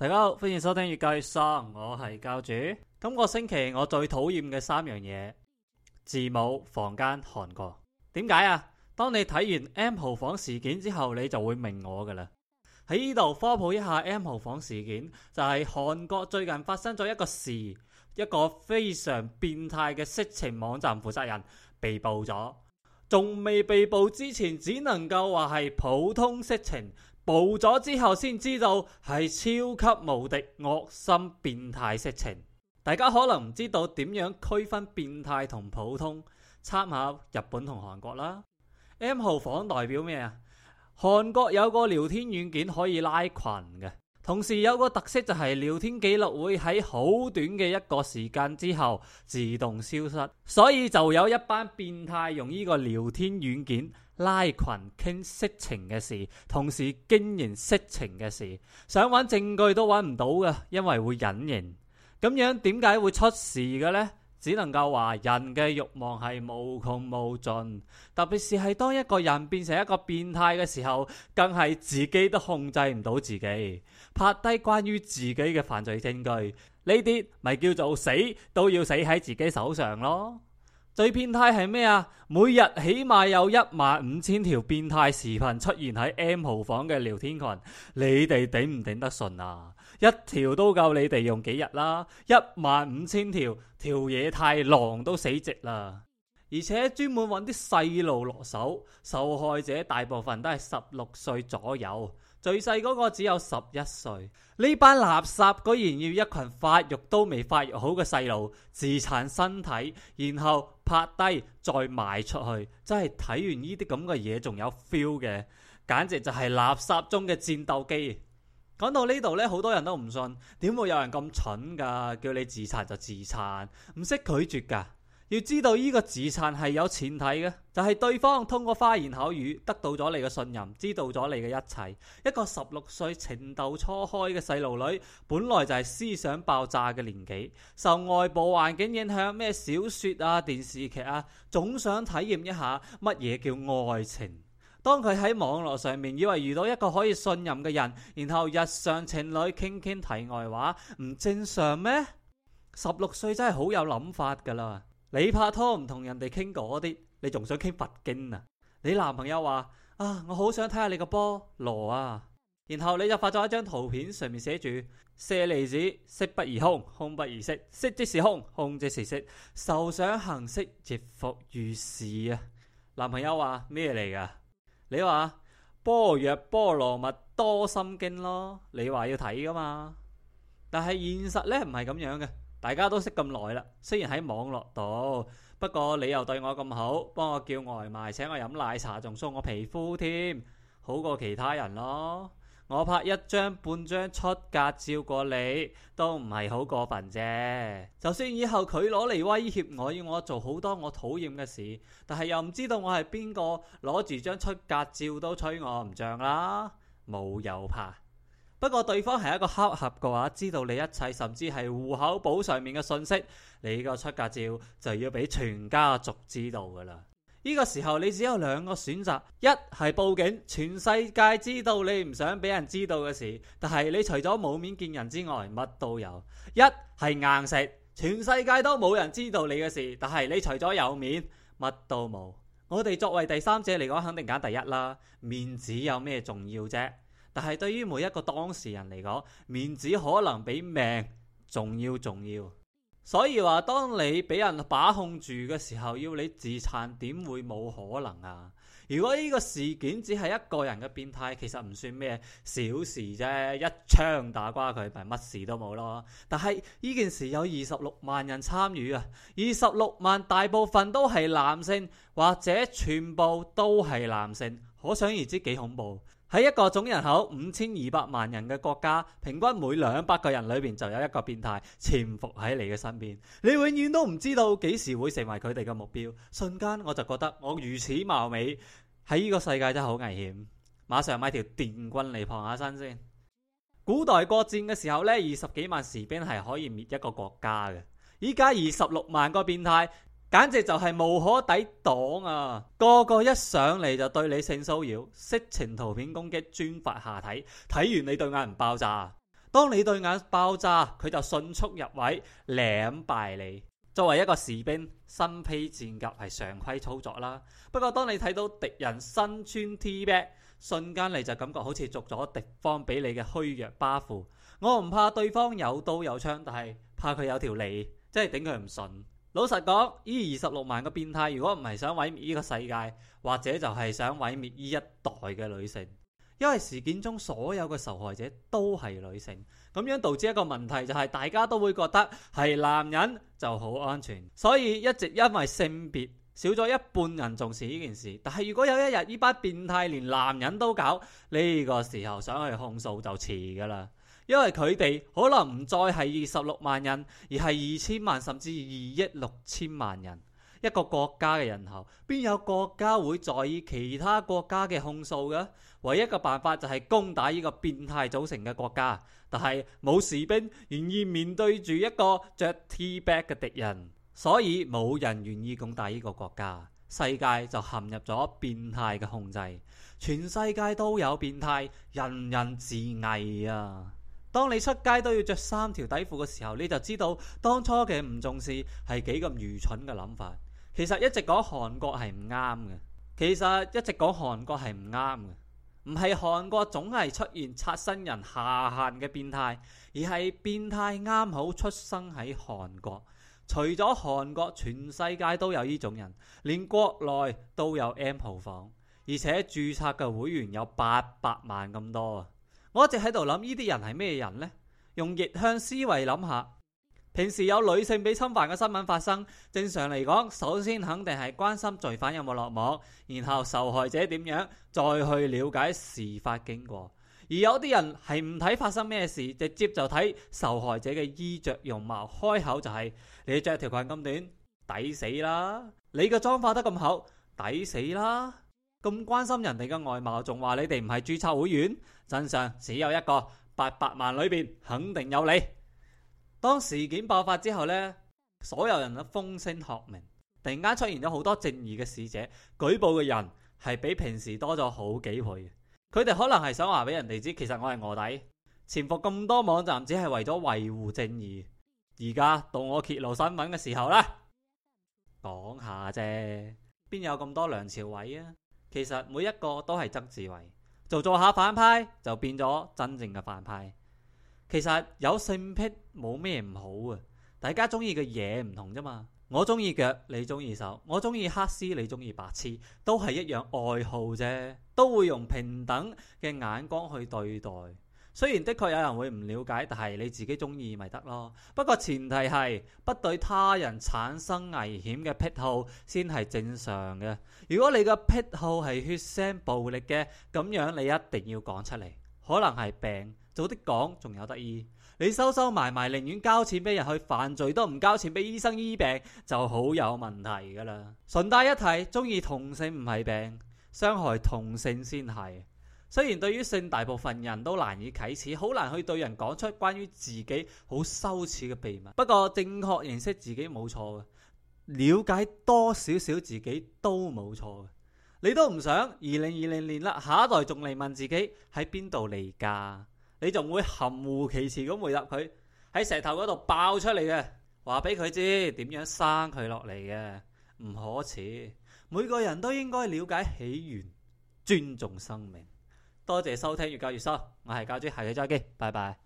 大家好，歡迎收聽《越計越爽》，我係教主。今個星期我最討厭嘅三樣嘢：字母、房間、韓國。點解啊？當你睇完 N 號房事件之後，你就會明我噶啦。喺呢度科普一下 N 號房事件，就係韓國最近發生咗一個事，一個非常變態嘅色情網站負責人被捕咗。仲未被捕之前，只能夠話係普通色情。暴咗之後，先知道係超級無敵惡心變態色情。大家可能唔知道點樣區分變態同普通，參考日本同韓國啦。N 號房代表咩啊？韓國有個聊天軟件可以拉群嘅，同時有個特色就係聊天記錄會喺好短嘅一個時間之後自動消失，所以就有一班變態用呢個聊天軟件。拉群傾色情嘅事，同時經營色情嘅事，想揾證據都揾唔到㗎，因為會隱形。咁樣點解會出事嘅呢？只能夠話人嘅欲望係無窮無盡，特別是係當一個人變成一個變態嘅時候，更係自己都控制唔到自己，拍低關於自己嘅犯罪證據，呢啲咪叫做死都要死喺自己手上咯。最變態係咩啊？每日起碼有一萬五千條變態視頻出現喺 N 號房嘅聊天群，你哋頂唔頂得順啊？一條都夠你哋用幾日啦！一萬五千條，條嘢太狼都死直啦！而且專門揾啲細路落手，受害者大部分都係十六歲左右，最細嗰個只有十一歲。呢班垃圾居然要一群發育都未發育好嘅細路自殘身體，然後～拍低再賣出去，真係睇完呢啲咁嘅嘢仲有 feel 嘅，簡直就係垃圾中嘅戰鬥機。講到呢度咧，好多人都唔信，點會有人咁蠢㗎？叫你自殘就自殘，唔識拒絕㗎。要知道呢個自殘係有前提嘅，就係對方通過花言巧語得到咗你嘅信任，知道咗你嘅一切。一個十六歲情竇初開嘅細路女，本來就係思想爆炸嘅年紀，受外部環境影響，咩小說啊、電視劇啊，總想體驗一下乜嘢叫愛情。當佢喺網絡上面以為遇到一個可以信任嘅人，然後日常情侶傾傾題外話，唔正常咩？十六歲真係好有諗法噶啦～你拍拖唔同人哋傾嗰啲，你仲想傾佛經啊？你男朋友話啊，我好想睇下你個菠蘿啊，然後你就發咗一張圖片，上面寫住舍利子色不異空，空不異色，色即是空，空即是色，受想行識亦復如是啊！男朋友話咩嚟噶？你話波若波羅蜜多心經咯？你話要睇噶嘛？但係現實呢，唔係咁樣嘅。大家都識咁耐啦，雖然喺網絡度，不過你又對我咁好，幫我叫外賣，請我飲奶茶，仲送我皮膚添，好過其他人咯。我拍一張半張出格照過你，都唔係好過分啫。就算以後佢攞嚟威脅我，要我做好多我討厭嘅事，但係又唔知道我係邊個，攞住張出格照都吹我唔脹啦，冇有怕。不過對方係一個黑客嘅話，知道你一切，甚至係戶口簿上面嘅信息，你個出格照就要俾全家族知道噶啦。呢個時候你只有兩個選擇：一係報警，全世界知道你唔想俾人知道嘅事，但係你除咗冇面見人之外，乜都有；一係硬食，全世界都冇人知道你嘅事，但係你除咗有面，乜都冇。我哋作為第三者嚟講，肯定揀第一啦。面子有咩重要啫？但係對於每一個當事人嚟講，面子可能比命重要重要。所以話，當你俾人把控住嘅時候，要你自殘，點會冇可能啊？如果呢個事件只係一個人嘅變態，其實唔算咩小事啫，一槍打瓜佢，咪乜事都冇咯。但係呢件事有二十六萬人參與啊，二十六萬大部分都係男性，或者全部都係男性，可想而知幾恐怖。喺一個總人口五千二百萬人嘅國家，平均每兩百個人裏邊就有一個變態潛伏喺你嘅身邊，你永遠都唔知道幾時會成為佢哋嘅目標。瞬間我就覺得我如此貌美喺呢個世界真係好危險，馬上買條電棍嚟傍下身先。古代國戰嘅時候呢，二十幾萬士兵係可以滅一個國家嘅，依家二十六萬個變態。簡直就係無可抵擋啊！個個一上嚟就對你性騷擾、色情圖片攻擊、專發下體，睇完你對眼唔爆炸。當你對眼爆炸，佢就迅速入位領敗你。作為一個士兵，身披戰甲係常規操作啦。不過當你睇到敵人身穿 T-back，瞬間你就感覺好似逐咗敵方俾你嘅虛弱 buff。我唔怕對方有刀有槍，但係怕佢有條脷，真係頂佢唔順。老實講，呢二十六萬個變態如果唔係想毀滅呢個世界，或者就係想毀滅呢一代嘅女性，因為事件中所有嘅受害者都係女性，咁樣導致一個問題就係大家都會覺得係男人就好安全，所以一直因為性別少咗一半人重視呢件事。但係如果有一日呢班變態連男人都搞，呢個時候想去控訴就遲噶啦。因為佢哋可能唔再係二十六萬人，而係二千萬甚至二億六千萬人。一個國家嘅人口，邊有國家會在意其他國家嘅控訴嘅？唯一嘅辦法就係攻打呢個變態組成嘅國家，但係冇士兵願意面對住一個着 T-Bag 嘅敵人，所以冇人願意攻打呢個國家。世界就陷入咗變態嘅控制，全世界都有變態，人人自危啊！當你出街都要着三條底褲嘅時候，你就知道當初嘅唔重視係幾咁愚蠢嘅諗法。其實一直講韓國係唔啱嘅，其實一直講韓國係唔啱嘅，唔係韓國總係出現刷新人下限嘅變態，而係變態啱好出生喺韓國。除咗韓國，全世界都有呢種人，連國內都有 M 號房，而且註冊嘅會員有八百萬咁多啊！我一直喺度諗呢啲人係咩人呢？用逆向思維諗下，平時有女性被侵犯嘅新聞發生，正常嚟講，首先肯定係關心罪犯有冇落網，然後受害者點樣，再去了解事發經過。而有啲人係唔睇發生咩事，直接就睇受害者嘅衣着、容貌，開口就係、是、你着條裙咁短，抵死啦！你個妝化得咁厚，抵死啦！咁關心人哋嘅外貌，仲話你哋唔係註冊會員？真相只有一個，八百萬裏邊肯定有你。當事件爆發之後呢，所有人都風聲鶴唳，突然間出現咗好多正義嘅使者，舉報嘅人係比平時多咗好幾倍。佢哋可能係想話俾人哋知，其實我係臥底，潛伏咁多網站，只係為咗維護正義。而家到我揭露新聞嘅時候啦，講下啫，邊有咁多梁朝偉啊？其實每一個都係曾志偉，做做下反派就變咗真正嘅反派。其實有性癖冇咩唔好啊，大家中意嘅嘢唔同啫嘛。我中意腳，你中意手；我中意黑絲，你中意白癡，都係一樣愛好啫，都會用平等嘅眼光去對待。雖然的確有人會唔了解，但係你自己中意咪得咯。不過前提係不對他人產生危險嘅癖好先係正常嘅。如果你個癖好係血腥暴力嘅，咁樣你一定要講出嚟。可能係病，早啲講仲有得醫。你收收埋埋，寧願交錢俾人去犯罪，都唔交錢俾醫生醫病，就好有問題噶啦。順帶一提，中意同性唔係病，傷害同性先係。雖然對於性，大部分人都難以啟齒，好難去對人講出關於自己好羞恥嘅秘密。不過正確認識自己冇錯嘅，了解多少少自己都冇錯嘅。你都唔想二零二零年啦，下一代仲嚟問自己喺邊度嚟㗎？你仲會含糊其辭咁回答佢喺石頭嗰度爆出嚟嘅？話俾佢知點樣生佢落嚟嘅？唔可恥，每個人都應該了解起源，尊重生命。多謝收聽《越教越喪》，我，我係教主，下次再見，拜拜。